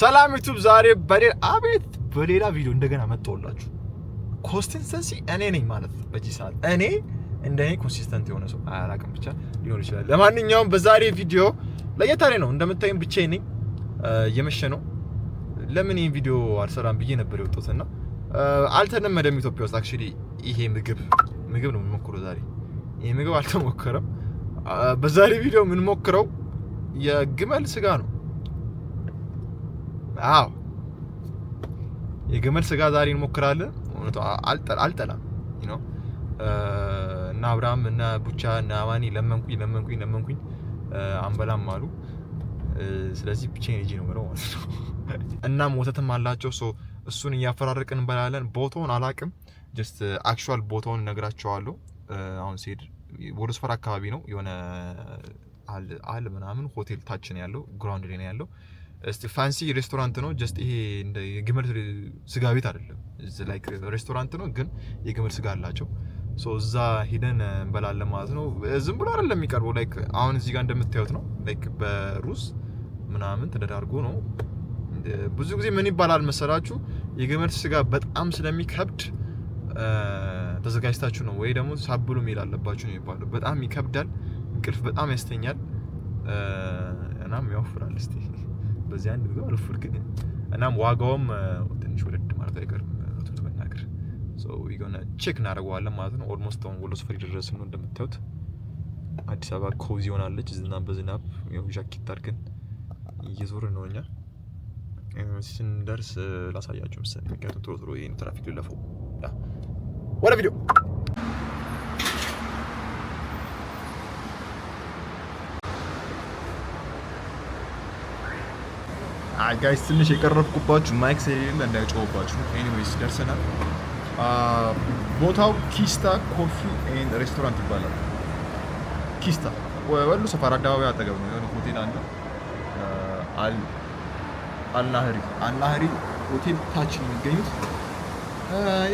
ሰላም ዩቱብ፣ ዛሬ በሌላ አቤት በሌላ ቪዲዮ እንደገና መጣሁላችሁ። ኮንሲስተንሲ እኔ ነኝ ማለት ነው። በዚህ ሰዓት እኔ እንደ እኔ ኮንሲስተንት የሆነ ሰው አላውቅም፣ ብቻ ሊሆን ይችላል። ለማንኛውም በዛሬ ቪዲዮ ለየት ያለ ነው። እንደምታዩም ብቻዬን ነኝ፣ እየመሸ ነው። ለምን ይህን ቪዲዮ አልሰራም ብዬ ነበር የወጣሁት እና አልተለመደም ኢትዮጵያ ውስጥ አክቹዋሊ ይሄ ምግብ ምግብ ነው የምንሞክረው ዛሬ። ይሄ ምግብ አልተሞከረም። በዛሬ ቪዲዮ የምንሞክረው የግመል ስጋ ነው። አዎ የግመል ስጋ ዛሬ እንሞክራለን። እውነቱ አልጠላም ነው እና አብርሃም እና ቡቻ እና አማኒ ለመንኩኝ ለመንኩኝ ለመንኩኝ አንበላም አሉ። ስለዚህ ብቻዬን ሂጂ ነው ብለው ማለት ነው። እናም ወተትም አላቸው። እሱን እያፈራረቅን እንበላለን። ቦታውን አላቅም። ጀስት አክቹዋል ቦታውን እነግራቸዋለሁ። አሁን ሲሄድ ወደ ስፈር አካባቢ ነው የሆነ አለ ምናምን ሆቴል ታችን ያለው ግራውንድ ላይ ነው ያለው እስቲ ፋንሲ ሬስቶራንት ነው። ጀስት ይሄ እንደ የግመል ስጋ ቤት አይደለም፣ ላይክ ሬስቶራንት ነው፣ ግን የግመል ስጋ አላቸው። ሶ እዛ ሄደን እንበላለን ማለት ነው። ዝም ብሎ አይደለም የሚቀርበው፣ ላይክ አሁን እዚህ ጋር እንደምታዩት ነው። ላይክ በሩዝ ምናምን ተደራርጎ ነው። ብዙ ጊዜ ምን ይባላል መሰላችሁ፣ የግመል ስጋ በጣም ስለሚከብድ ተዘጋጅታችሁ ነው ወይ ደግሞ ሳብሉ ሚል አለባችሁ ነው የሚባለው። በጣም ይከብዳል፣ እንቅልፍ በጣም ያስተኛል፣ እናም ያወፍራል። እስቲ በዚህ አንድ ምግብ አልወፈድክ ግን እናም ዋጋውም ትንሽ ወደድ ማለት አይቀርም። እውነቱን ለመናገር የሆነ ቼክ እናደርገዋለን ማለት ነው። ኦልሞስት አሁን ወሎ ሰፈር ድረስ ነው እንደምታዩት። አዲስ አበባ ኮዚ ሆናለች። ዝናብ በዝናብ ጃኬት አድርገን እየዞርን ነው። እኛ ስንደርስ ላሳያችሁ መሰለኝ፣ ምክንያቱም ቶሎ ቶሎ ይህን ትራፊክ ልለፈው ወደ ቪዲዮ ጋይስ uh, ትንሽ የቀረብኩባችሁ ማይክ ስለሌለ እንዳይጮህባችሁ። ኤኒዌይስ ደርሰናል። uh, ቦታው ኪስታ ኮፊ ኤንድ ሬስቶራንት ይባላል። ኪስታ ወሎ ሰፈር አደባባይ አጠገብ ነው። የሆነ ሆቴል አለ። uh, አልናህሪ አልናህሪ ሆቴል ታች ነው የሚገኙት።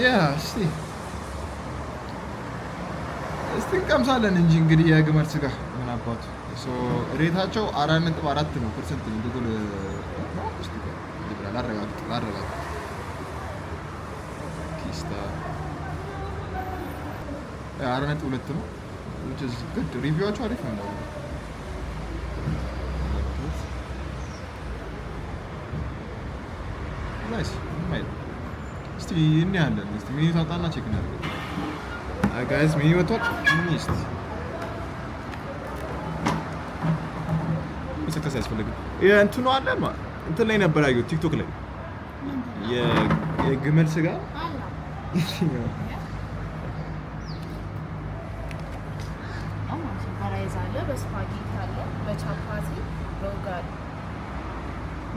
ያ እስቲ እስቲ እንቀምሳለን እንጂ እንግዲህ የግመል ስጋ አባቱ ሬታቸው አራት ነጥብ አራት ነው ፐርሰንት ነው። ጉግል ሪቪዋቸው አሪፍ ነው። እስቲ እንያለን። ሚኒ ታጣና ቼክ እናደርግ። ጋይስ ሚኒ ወጥቷል ሚኒስት መጥቀስ አያስፈልግም። እንትኑ አለ እንትን ላይ ነበር ያየሁት ቲክቶክ ላይ የግመል ስጋ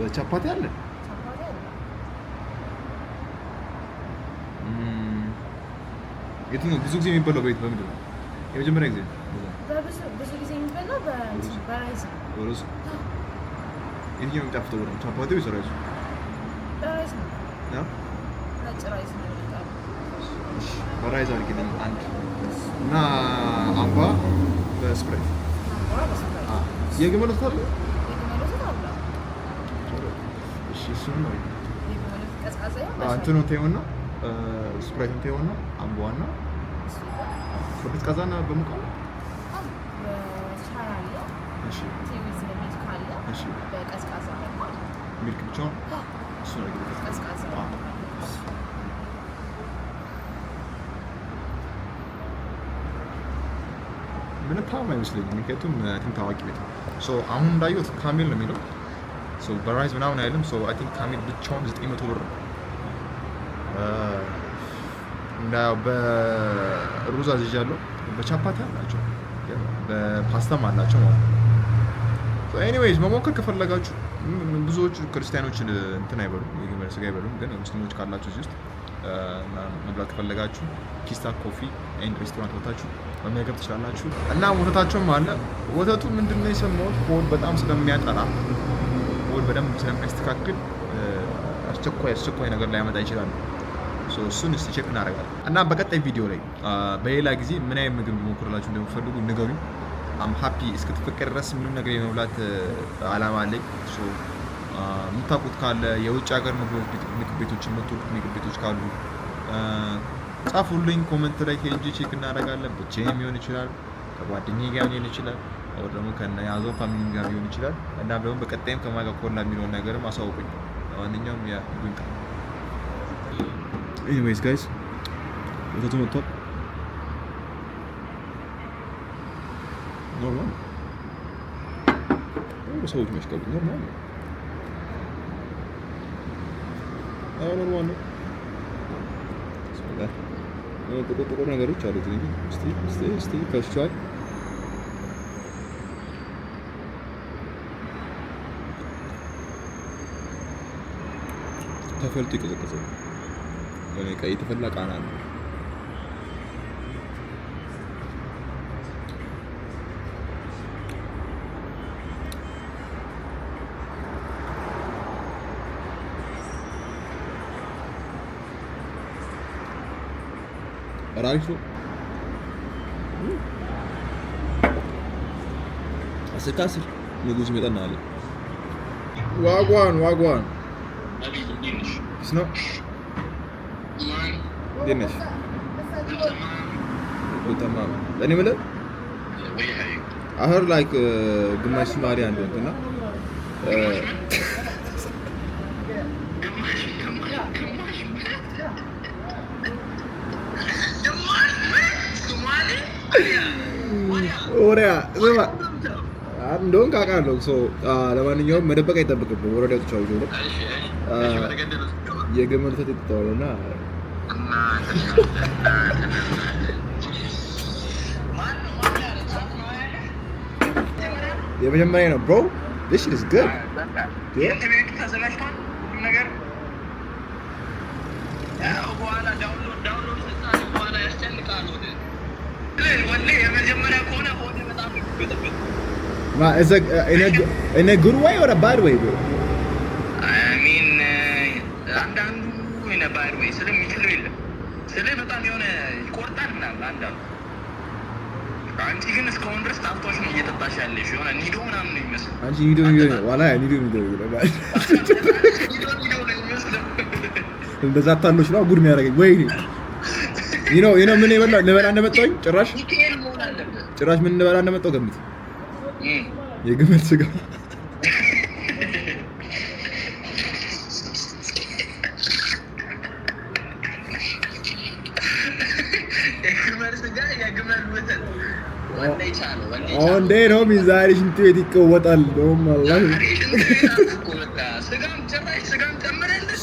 በቻፓቲ አለ የቱ ብዙ ጊዜ የሚበላው? በቤት በምንድን ነው የመጀመሪያ ጊዜ በራይዝ ነው። የትኛው የሚጣፍጠው ቻፓቲ ወይስ ራይዝ? ራይዝ ነው። ነጭ ራይዝ ነው። በራይዝ አድርጊልኝ አንድ እና አምባ በስፕራይት የግመል ወተት አለ። እንትኑ ቴውን ነው፣ ስፕራይቱን ቴውን ነው፣ አምባዋን ነው። በቀዝቃዛና በሙቀት ስሜት ካለ በቀዝቃዛ ሚልክ ብቻ እሱ ነገር ቀዝቃዛ ታም አይመስለኝም። ምክንያቱም እንትን ታዋቂ ቤት አሁን እንዳየሁት ካሜል ነው የሚለው በራይዝ ምናምን አይልም። አይ ቲንክ ካሜል ብቻውን ዘጠኝ መቶ ብር ነው። በሩዝ አዝዣለሁ። በቻፓቲ አላቸው፣ በፓስታም አላቸው ማለት ነው ኤኒዌይዝ መሞከር ከፈለጋችሁ ብዙዎቹ ክርስቲያኖች እንትን አይበሉም፣ የግብረ ስጋ አይበሉም። ግን ሙስሊሞች ካላችሁ እዚህ ውስጥ መብላት ከፈለጋችሁ ኪስታ ኮፊ ኤንድ ሬስቶራንት ወታችሁ በመገብ ትችላላችሁ። እና ወተታቸውም አለ። ወተቱ ምንድነው የሰማሁት ሆድ በጣም ስለሚያጠራ ሆድ በደንብ ስለሚያስተካክል አስቸኳይ አስቸኳይ ነገር ሊያመጣ ይችላል። እሱን እስቲ ቼክ እናደርጋለን እና በቀጣይ ቪዲዮ ላይ በሌላ ጊዜ ምን አይነት ምግብ ሞክርላችሁ እንደምፈልጉ ንገሩኝ። አም ሀፒ እስክትፈቀድ ድረስ ምንም ነገር የመብላት አላማ አለኝ። የምታውቁት ካለ የውጭ ሀገር ምግብ ቤቶች የምትወዱት ምግብ ቤቶች ካሉ ጻፉልኝ። ኮመንት ላይ ከእንጂ ቼክ እናደርጋለን። ብቻዬም ሊሆን ይችላል፣ ከጓደኛዬ ጋር ሊሆን ይችላል፣ ወይ ደግሞ ከያዘው ፋሚሊ ጋር ሊሆን ይችላል። እና ደግሞ በቀጣይም ከማጋ ኮላ የሚለውን ነገርም አሳውቁኝ። ለማንኛውም ያ ጉንቃ ኢኒዌይስ ጋይስ ወተቱ መጥቷል። normal mi? Doğru soğutmuş kabı normal mi? አዎ ኖርማል ነው። ጥቁር ጥቁር ነገሮች አሉት እንግዲህ እስቲ እስቲ እስቲ ከሽቷል። ተፈልቶ የቀዘቀዘ ነው። ቀይ የተፈላ ቃና ነው። আড়াইশো hace casi ንጉስ ይመጣናል ዋጓን ዋጓን ስኖ እንዴት ነሽ በጣም እኔ የምልህ አህር ላይክ ግማሽ ሱማሪያ እንደሆንክ እና ወሪያ እንደውም ካውቃለሁ። ለማንኛውም መደበቅ አይጠብቅብን። ወረዳ ተቻው ጆሮ የግመል ተት የተጠዋለ ና የመጀመሪያ ነው ብሮ ስ ኢነ ጉድ ወይ ኦር ባድ ወይ ብሮ አንቺ ግን እስካሁን ድረስ ጣፍቶሽ ነው እየጠጣሽ ያለሽ የሆነ ኒዶ ምናምን ነው የሚመስለው አንቺ ኒዶ ዋላ ኒዶ እንደዛ ታሎች ነው ጉድ የሚያደርገኝ ወይ ይህ ነው ይህ ነው ምን ይበላ ልበላ እንደመጣሁኝ ጭራሽ ጭራሽ ምን ልበላ እንደመጣሁ ገምት። የግመል ስጋ እንዴ ነው ዛሬ ሽንት ቤት ይቀወጣል።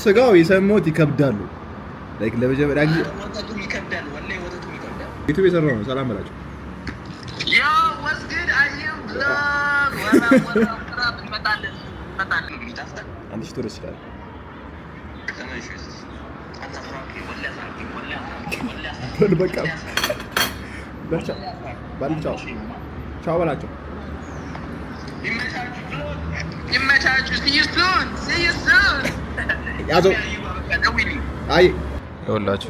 ስጋው የሰማሁት ይከብዳሉ። ዩቱብ የሰራው ነው። ሰላም በላቸው። አንድ ደስ ይላል። በቃ በልቻው ቻው በላቸው። ይመቻችሁ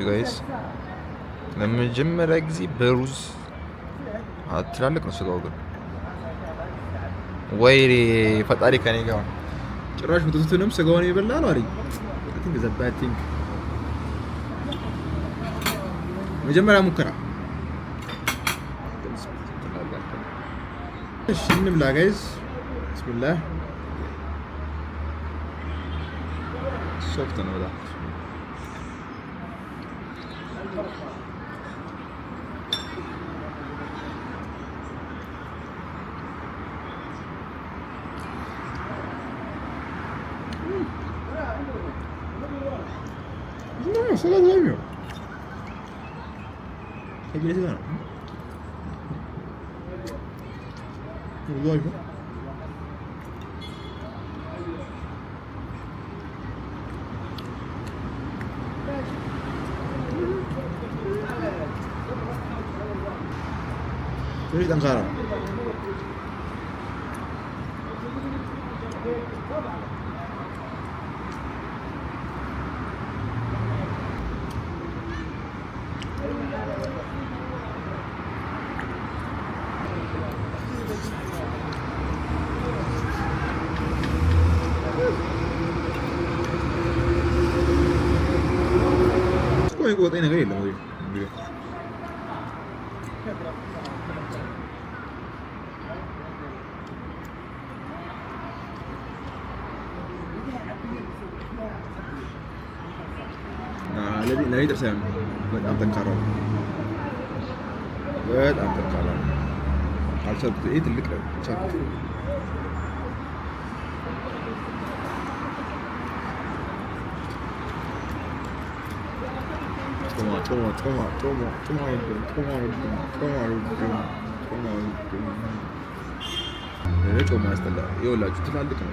ጋይስ ለመጀመሪያ ጊዜ በሩዝ ትላልቅ ነው ስጋው ግን ወይ ፈጣሪ ከኔ ጋር ጭራሽ ምጥቱትንም ስጋውን የበላ ነው አለኝ። መጀመሪያ ሙከራ እሺ እንብላ ጋይዝ ብስሚላህ ሶፍት ነው በጣም 해결이 생각나. 뭐야 이거? 그리 단가라. የሚወጣኝ ነገር የለም። እንግዲህ ለእኔ ጥርስ በጣም ጠንካራ በጣም ጠንካራ አልቻልኩት። ይሄ ትልቅ ቻልኩት Toma, toma, toma, toma, toma öldüm, toma öldüm, toma öldüm, toma öldüm. ሬጮ ማያስጠላ ይኸውላችሁ ትላልቅ ነው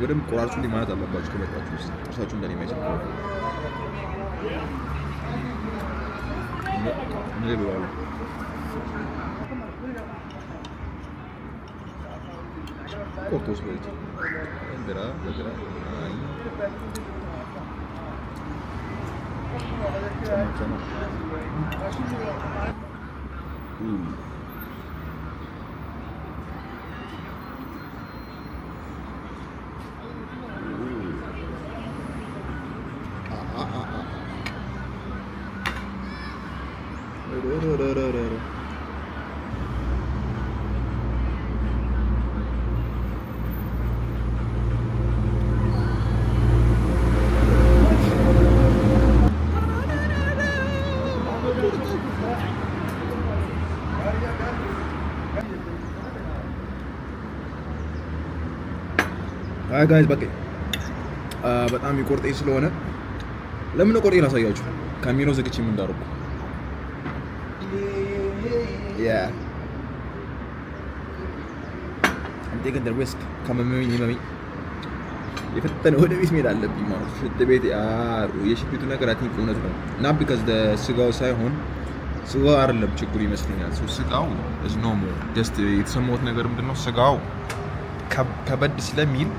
በደንብ ቆራርሱ ሊማለት አለባችሁ ከመጣችሁ ውስጥ ጥርሳችሁ እንደሚመጭ ምን ብለዋል ቆርጦስ በልቶ ግራ በግራ うん。ጋይዝ በቃ በጣም የቆርጤ ስለሆነ ለምን ቆርጤ ላሳያችሁ ካሜራው ዘግቼ ምን እንዳደረኩ ግን ሪስክ ከመመኝ መመኝ የፈጠነ ወደ ቤት መሄድ አለብኝ ማለት ሽንት ቤት የሽንት ነገር አይ እውነት ነው እና ቢካዝ ስጋው ሳይሆን ስጋው አይደለም ችግሩ ይመስለኛል። ስጋው እዝ ኖ ሞር ጀስት የተሰማሁት ነገር ምንድን ስጋው ከበድ ስለሚል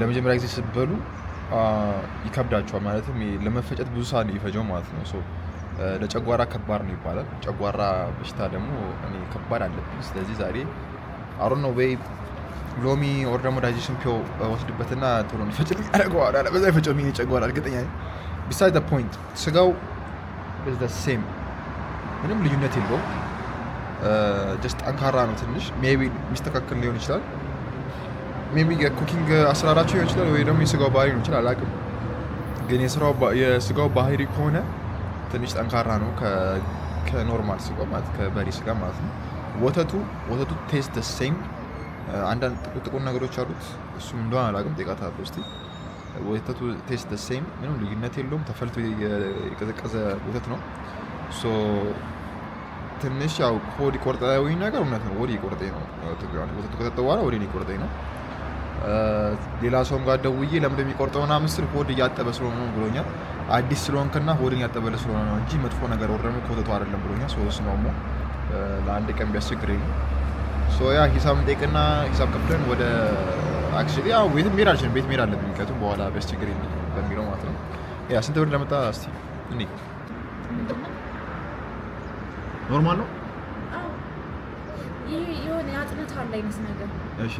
ለመጀመሪያ ጊዜ ስትበሉ ይከብዳቸዋል። ማለትም ለመፈጨት ብዙ ሰዓት ይፈጀው ማለት ነው። ለጨጓራ ከባድ ነው ይባላል። ጨጓራ በሽታ ደግሞ እኔ ከባድ አለብኝ። ስለዚህ ዛሬ አሮ ነው ወይ ሎሚ ኦር ደግሞ ዳይጀሽን ፒዮ ወስድበትና ቶሎ ፈጭ ያደርገዋል። አለ በዛ ፈጨው ሚሄ ጨጓራ እርግጠኛ ቢሳይድ ፖይንት ስጋው ሴም ምንም ልዩነት የለውም። ጀስት ጠንካራ ነው። ትንሽ ሜይ ቢ የሚስተካከል ሊሆን ይችላል። ሜቢ የኩኪንግ አሰራራቸው ይሆን ይችላል ወይ ደግሞ የስጋው ባህሪ ነው ይችላል አላውቅም። ግን የስጋው ባህሪ ከሆነ ትንሽ ጠንካራ ነው ከኖርማል ስጋው ማለት ከበሬ ስጋ ማለት ነው። ወተቱ ወተቱ ቴስት ሴም አንዳንድ ጥቁር ጥቁር ነገሮች አሉት። እሱም እንደሆነ አላውቅም። ጤቃታ ውስጥ ወተቱ ቴስት ሴም ምንም ልዩነት የለውም። ተፈልቶ የቀዘቀዘ ወተት ነው። ሶ ትንሽ ያው ሆድ ቆርጠ ነገር እውነት ነው። ወዲ ቆርጠኝ ነው ወተቱ ከጠጣ በኋላ ወዲ ቆርጠኝ ነው። ሌላ ሰውም ጋር ደውዬ ለምን የሚቆርጠው ምናምን ስል ሆድ እያጠበ ስለሆነ ነው ብሎኛል። አዲስ ስለሆንክና ሆድን ያጠበለ ስለሆነ ነው እንጂ መጥፎ ነገር ወረም ኮተቱ አይደለም ብሎኛል። ሶስ ሞ ለአንድ ቀን ቢያስቸግረኝ ነው። ሶ ያ ሂሳብ እንጠይቅና ሂሳብ ከፍለን ወደ አክቹዋሊ ያው ቤት መሄድ አልችልም። ቤት መሄድ አለብኝ ምክንያቱም በኋላ ቢያስቸግረኝ በሚለው ማለት ነው። ያ ስንት ብር እንደመጣ እስኪ እኔ ኖርማል ነው ይሄ የሆነ አጥነት አለ አይነት ነገር እሺ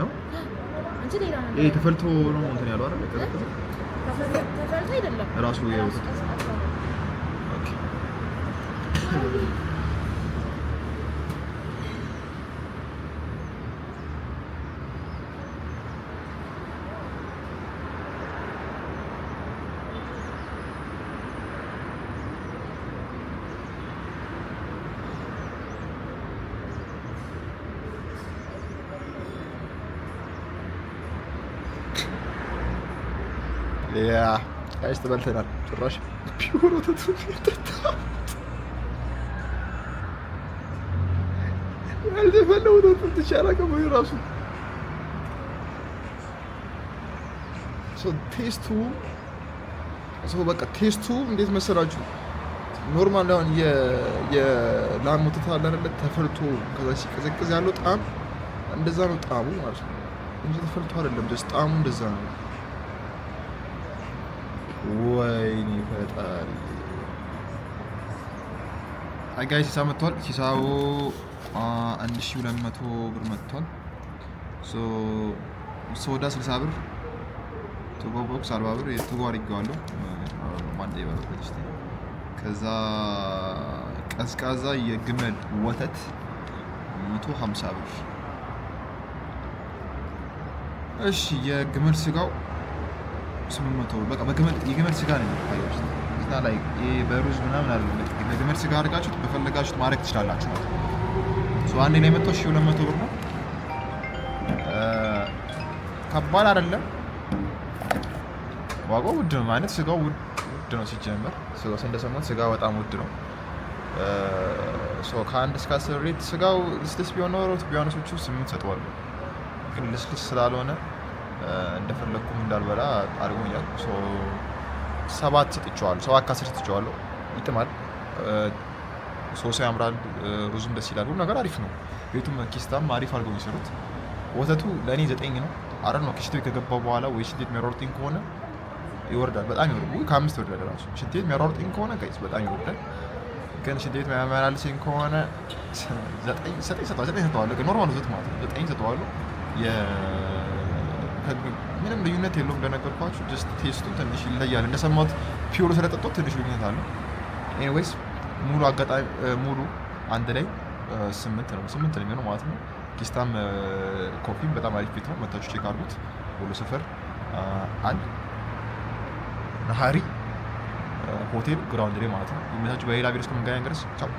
ነው እንጂ ተፈልቶ ነው እንትን ያለው አይደል? ተፈልቶ አይደለም ራሱ ያ ጋይስ ትበልተናል። ጭራሽ ፒውር ወተት ያልተፈለው ወተት ትቻላቀ ወይ ራሱ ቴስቱ በቃ ቴስቱ እንዴት መሰላችሁ? ኖርማል አሁን የላም ወተት አለንለት ተፈልቶ ከዛ ሲቀዘቅዝ ያለው ጣም እንደዛ ነው ጣሙ ማለት ነው እንጂ ተፈልቶ አይደለም። ጣሙ እንደዛ ነው። ወይኔ ፈጣሪ አጋይ ሲሳ መጥቷል። ሲሳው 1200 ብር መጥቷል። ሶዳ 60 ብር፣ ቱቦ ቦክስ 40 ብር የቱቦ አድርጌዋለሁ። ከዛ ቀዝቃዛ የግመል ወተት 150 ብር። እሺ የግመል ስጋው ስምንት መቶ በቃ የግመል ስጋ ነው የሚታያችሁ። እዛ ላይ በሩዝ ምናምን አለ በግመል ስጋ አድርጋችሁት በፈለጋችሁት ማድረግ ትችላላችሁ ማለት ነው። አንዴ ላይ ብር ነው። ከባድ አይደለም። ዋጋው ውድ ነው ማለት ስጋው ውድ ነው ስጋው ስጋ በጣም ውድ ነው። ከአንድ እስከ አስር ሬት ስጋው ልስልስ ቢሆን ኖሮ ቢያነሶቹ ስምንት ሰጠዋለሁ፣ ግን ልስልስ ስላልሆነ እንደፈለግኩም እንዳልበላ አድርጎኛል። ሰባት ሰጥቼዋለሁ፣ ሰባት ከአስር ሰጥቼዋለሁ። ይጥማል፣ ሶሱ ያምራል፣ ሩዙም ደስ ይላል፣ ሁሉ ነገር አሪፍ ነው። ቤቱም ኪስታም አሪፍ አድርገው የሚሰሩት ወተቱ ለእኔ ዘጠኝ ነው። አረ ነው ሽንት ቤት ከገባ በኋላ ወይ ሽንት ቤት የሚያሯሩጥኝ ከሆነ ይወርዳል፣ በጣም ይወርዳል። ከአምስት ይወርዳል ራሱ ሽንት ቤት የሚያሯሩጥኝ ከሆነ ቀይስ በጣም ይወርዳል። ግን ሽንት ቤት የሚያመላልሰኝ ከሆነ ዘጠኝ ሰጠዋለሁ። ኖርማል ወተት ማለት ነው፣ ዘጠኝ ሰጠዋለሁ። ምንም ልዩነት የለውም። እንደነገርኳችሁ ጀስት ቴስቱ ትንሽ ይለያል። እንደሰማሁት ፒዮሮ ስለጠጦት ትንሽ ልዩነት አለ። ኤኒዌይስ ሙሉ አጋጣሚ ሙሉ አንድ ላይ ስምንት ነው ስምንት ነው የሚሆነው ማለት ነው። ኪስታም ኮፊም በጣም አሪፍ ቤት ነው። መታችሁ ቼክ አድርጉት። ቦሎ ስፍር አንድ ናሃሪ ሆቴል ግራውንድ ላይ ማለት ነው። የሚመቻችሁ በሌላ ቪዲዮ እስከምንገናኝ ድረስ ቻው።